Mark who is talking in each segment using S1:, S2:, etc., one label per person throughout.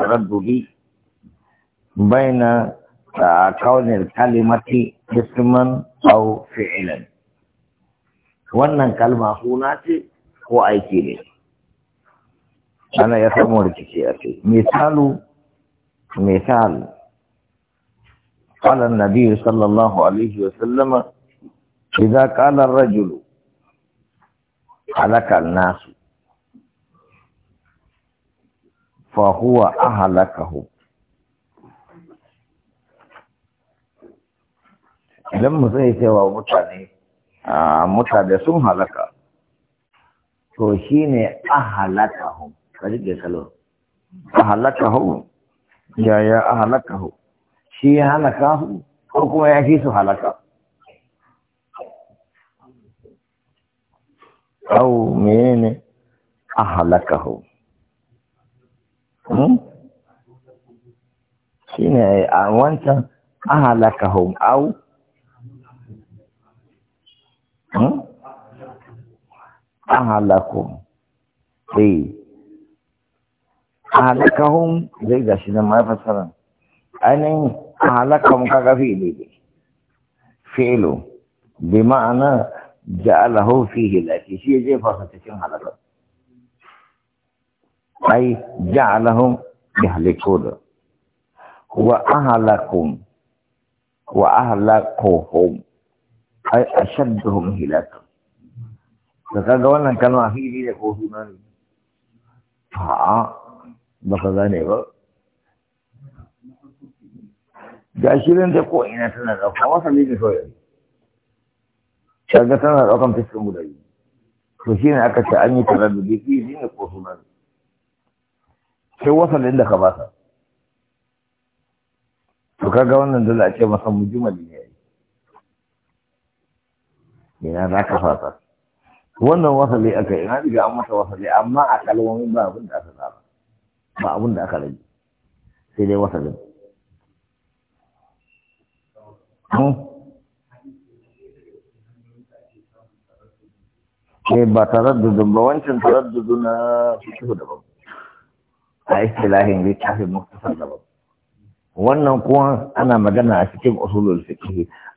S1: التردد بين كون الكلمة اسما أو فعلا wannan كلمة suna هو أي كلمة أنا ana ya مثال مثال قال النبي صلى الله عليه وسلم إذا قال الرجل هلك الناس fa huwa ahlakahu idan mu zai ce wa mutane mutane sun halaka to shi ne ahalakahu ka rike salo ahalakahu yaya ahalakahu shi ya halaka su ko kuma ya fi su halaka au menene ahalakahu shi ne a wancan ahalaka hum au ahalakum eh ahalakahum zai ga shi nan mafasaran ainihin ahalakahum kaga fi'ili ne fi'ilu bi ma'ana ja'alahu fihi laki shi ya jefa sa cikin halakar أي جعلهم يهلكون وأهلكم وأهلكهم أي أشدهم هلاكا فقال قولا كانوا أخيه يقولون فعا آه، بخذان إبا جاشرين تقوى إنا تنغى فواسا لدي شوية شاكتنا رقم تسلم لدي فشين أكتا أني تبابي بكي زين يقولون sai wasan da ka ba basa to kaga wannan dole a ce masa mujmali ne yayi ina za ka fata wannan wasali aka yi na diga an masa wasali amma a kalmomin ba abin da aka tsara ba abin da aka rage sai dai wasalin hmm? Eh ba taraddudun ba wancan taraddudu na da babu? a istilahin littafin muktasar da babu wannan kuma ana magana a cikin usulul fiqh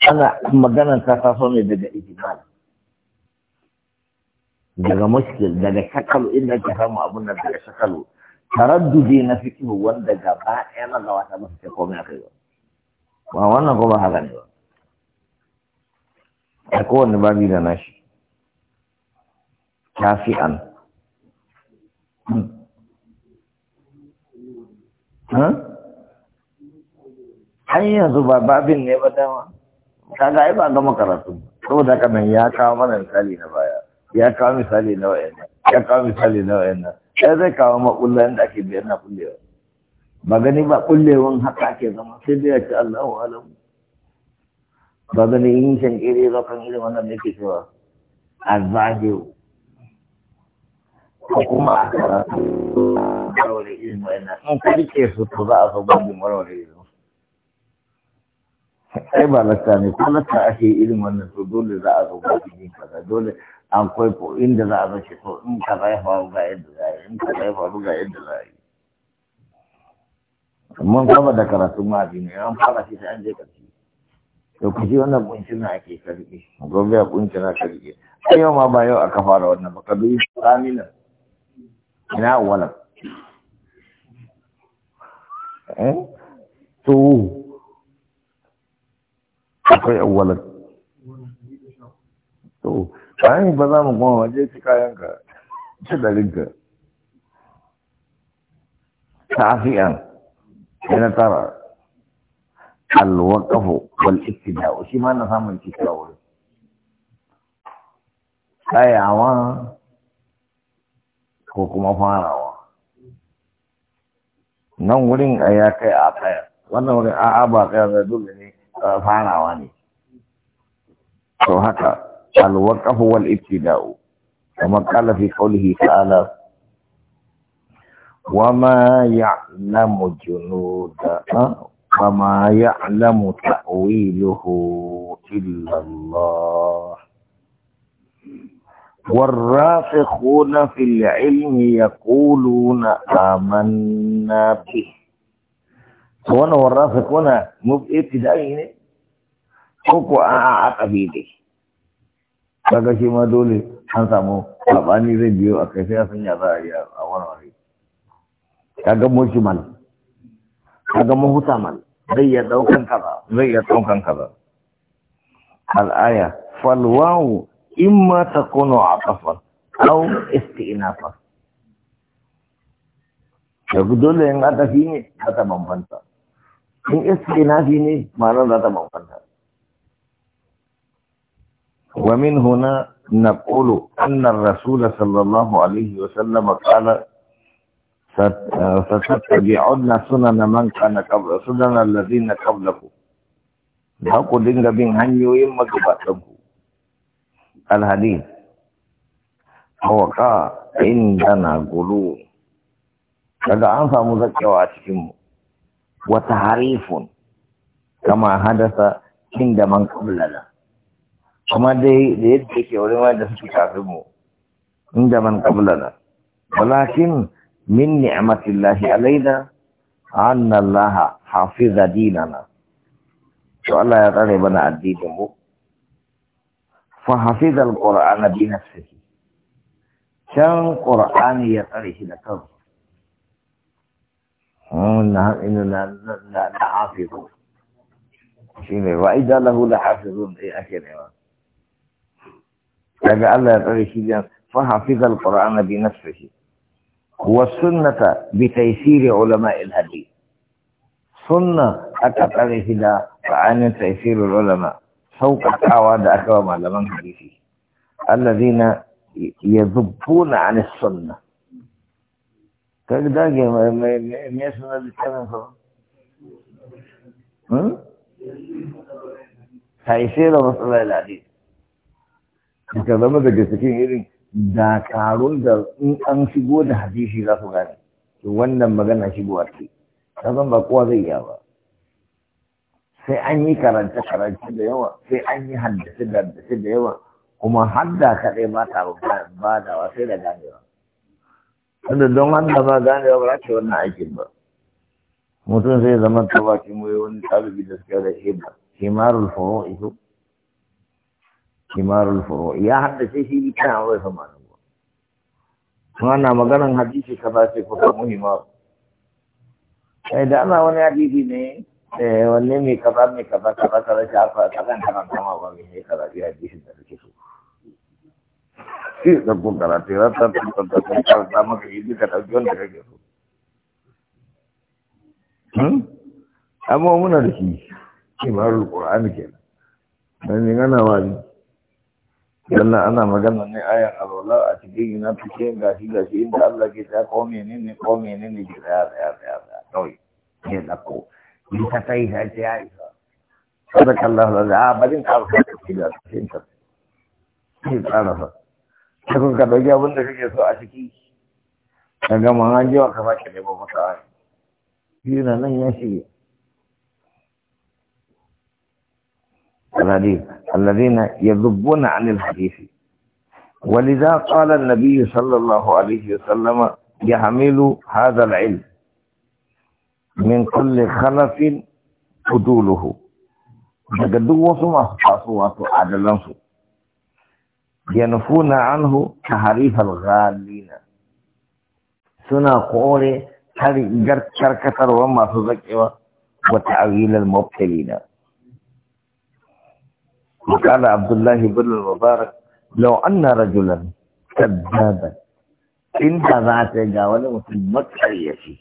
S1: ana magana ta taso ne daga ijmal daga mushkil daga shakalu inda ka samu abun nan daga shakalu taraddudi na fiqh wanda gaba ɗaya na gawa ta masa sai komai kai ba wannan ko haka ne ba a kowane babi da nashi shafi'an hmm. har yanzu ba babin ne ba dama kaga ai ba gama karatu saboda haka nan ya kawo mana misali na baya ya kawo misali na wayannan ya kawo misali na wayannan sai zai kawo makullan da ake biyar na kullewa ba gani ba kullewan haka ake zama sai dai ya Allahu alam ba gani yin shan kire zo kan irin wannan da yake cewa azahiru ko kuma a karatu warware irin wayannan in ka su to za a zo babin warware irin ai ba latta ne ko latta ake irin wannan to dole za a zo ba cikin kaza dole an ko inda za a zo shi to in ka ya faru ga yadda za a yi in ka ya faru ga yadda za a yi mun kuma da karatun mafi ne an fara shi sai an je ƙarshe to ku ji wannan kuncin na ake karɓe gobe a kuncin na karɓe a yau ma ba yau aka fara wannan ba ka bi tsamina ina wala eh to akwai awwalan to kayan ba za mu goma waje ci kayan ka ci darinka tafiyan yana tara alwaqafu wal ittida'u shi ma na samun cikawa wurin tsayawa ko kuma farawa nan wurin a ya kai a tsaya wannan wurin a'a ba tsaya zai dole farawa ne to haka alwaqafu wal ibtida'u kama qala fi qawlihi ta'ala wama ya'lamu junuda وما يعلم تأويله إلا الله والراسخون في العلم يقولون آمنا به to wannan warrasa kona ibtida'i ne ko ko a a akabi dai kaga shi ma dole an samu sabani zai biyo a kai sai a sanya za a yi a warware kaga mushmal kaga muhtamal zai iya daukan kaza zai iya daukan kaza al-aya fal wawu imma takunu atafan au istinafa dole in aka fi ne aka bambanta in istinafi ne ma'anar za ta bambanta ومن هنا نقول أن الرسول صلى الله عليه وسلم قال ستتبعون سنن من كان قبل سنن الذين قبلكم za ku dinga bin hanyoyin magabatanku alhadi hawaka inda na gulu daga an samu zakewa a cikinmu وتعريف كما حدث عند من قبلنا كما دي يدك ولما دفت كافمو عند من قبلنا ولكن من نعمة الله علينا أن الله حافظ ديننا والله يا طالبنا الدين مو فحفظ القرآن بنفسه كان قرآن يطرح لكم إننا لحافظون وإذا له لحافظون يا إيه، مان إيه. يعني كذا الله يقول شيني فحافظ القرآن بنفسه والسنة بتيسير علماء الهدي سنة أتت عليه لا فعن تيسير العلماء سوق التعواد أكوام على من حديثه الذين يذبون عن السنه kaga dage mai me suna littafin sa hmm taisira cikin irin dakarun da in an shigo da hadisi za su gane wannan magana shigowa ce kasan ba kowa zai iya ba sai an yi karance-karance da yawa sai an yi haddace-haddace da yawa kuma hadda kaɗai ba ta ba da sai da ganewa wanda don wanda ba gane ba ba ce wannan aikin ba mutum sai zama ta baki mai wani talibi da suka da ba kimarul furo iso kimarul furo ya haddace shi kan a wai sama nan ba ana maganan hadisi ka ba ce kuka muhimmar sai da ana wani hadisi ne eh, wanne mai kaza mai kaza kaza kaza shi a kaza kaza kama ba mai kaza bi hadisin da suke shi ya ɗauko karatu ya ta tabbata ta que maka yi duka ɗauki wanda kake so amma muna da shi kibarul qur'ani kenan dan ni gana wani dan ana magana ne aya alwala a cikin ina fice gashi gashi inda Allah ke ta ko menene ko menene ki da ya ya ya kawai ke da ko ni ta kai ta ce ai sadaka Allah la ba din ka ka ki da shi ta ki tsara sakun ka dauki abin da kake so a ciki ka ga ma an jiwa ka baki ne ba mata yana nan ya shige الذين الذين يذبون عن الحديث ولذا قال النبي صلى الله عليه وسلم يحمل هذا العلم من كل خلف فضوله فقد دو ما فاسو واسو عدلانسو ينفون عنه تحريف الغالين سنا قول هذه جرت شركة وما تذكر وتعويل المبتلين وقال عبد الله بن المبارك لو أن رجلا كذابا إن ذات جاول مسلمك أريشي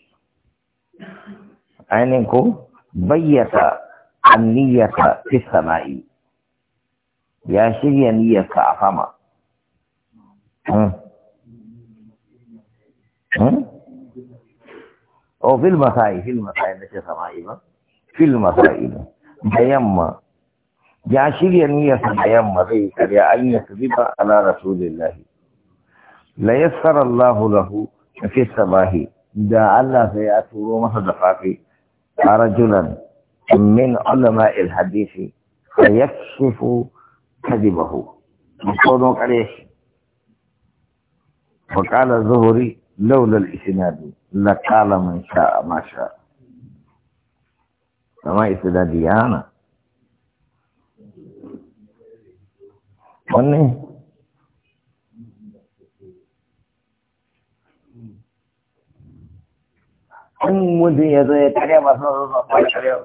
S1: عينكم بيت النية في السماء يا شيء نية أفهمك ها ها او في المخايف في المخايف نشي سمائي في المخايف بيما جاشي أن يسمى في كريا أن يكذب على رسول الله لا يسر الله له في السماه دا الله في أطول مصدقات رجلا من علماء الحديث فيكشف كذبه يقولون عليه فقال الزهري لولا الإسناد لقال من شاء ما شاء فما إسنادي أنا wannan an mutum ya zo ya karya